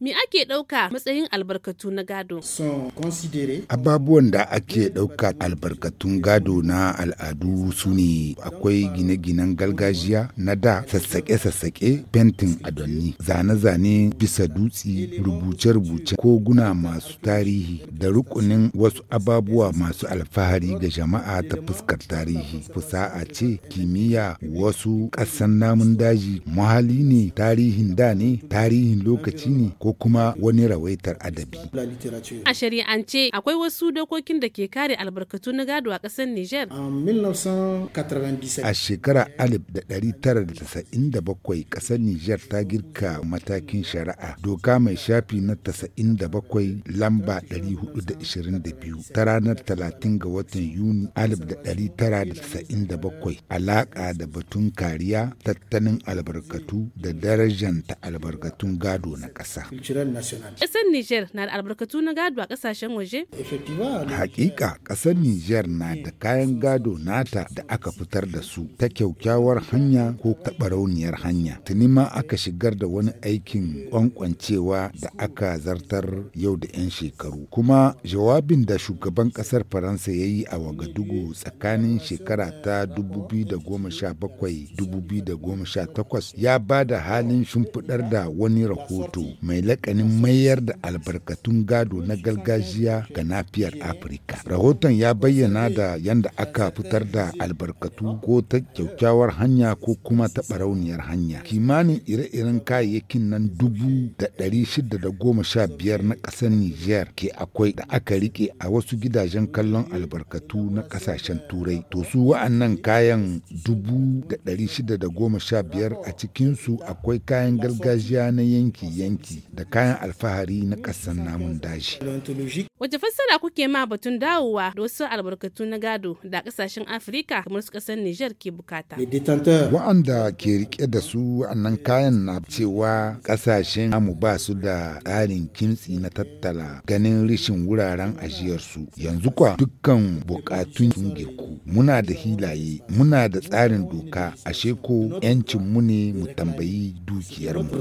Me ake ɗauka matsayin albarkatu na gado? Ababuwan da ake ɗauka albarkatun gado na al'adu su ne akwai gine-ginen gargajiya na da sassaƙe-sassaƙe fentin adonni, zane-zane bisa dutse, rubuce-rubuce koguna masu tarihi da rukunin wasu ababuwa masu alfahari ga jama'a ta fuskar tarihi. Fusa'a ce, kimiyya wasu ƙasan namun daji, muhalli ne, tarihin da ne, tarihin lokaci ne, ko kuma wani rawaitar adabi. A shari'ance akwai wasu dokokin da ke kare albarkatu na gado a ƙasar Nijar. A shekara 1997 ƙasar Nijar ta girka matakin shari'a doka mai shafi na 97 lamba 422 ta ranar talatin ga watan Yuni 1997 alaƙa da batun kariya tattalin albarkatu da darajanta albarkatun gado na ƙasa. culturel national. Ƙasar Niger na da albarkatu na gado a ƙasashen waje? Hakika ƙasar Niger na da kayan gado nata da aka fitar da su ta kyaukyawar hanya ko taɓarauniyar hanya. Tuni ma aka shigar da wani aikin kwankwancewa da aka zartar yau da 'yan shekaru. Kuma jawabin da shugaban ƙasar Faransa ya yi a Wagadugu tsakanin shekara ta 2017-2018 ya ba da halin shimfiɗar da wani rahoto mai lakanin mayar da albarkatun gado na gargajiya ga nafiyar Afirka. Rahoton ya bayyana da yadda aka fitar da albarkatu ko ta kyaukyawar hanya ko kuma ta barauniyar hanya. Kimanin ire-iren kayayyakin nan dubu da ɗari shida da goma sha biyar na ƙasar Nijar ke akwai da aka rike a wasu gidajen kallon albarkatu na ƙasashen Turai. To su wa'annan kayan dubu da ɗari shida da goma sha biyar a cikinsu akwai kayan gargajiya na yanki-yanki da kayan alfahari na kasan namun daji. Wace fassara kuke ma batun dawowa da wasu albarkatu na gado da kasashen Afirka kamar su kasar Nijar ke bukata? Wa'anda ke rike da su annan kayan na cewa kasashen amu ba su da tsarin kimtsi na tattala ganin rishin wuraren ajiyarsu. Yanzu kwa dukkan bukatun sun girku. Muna da hilaye, muna da tsarin doka, ashe ko 'yancin mu ne mu tambayi dukiyarmu.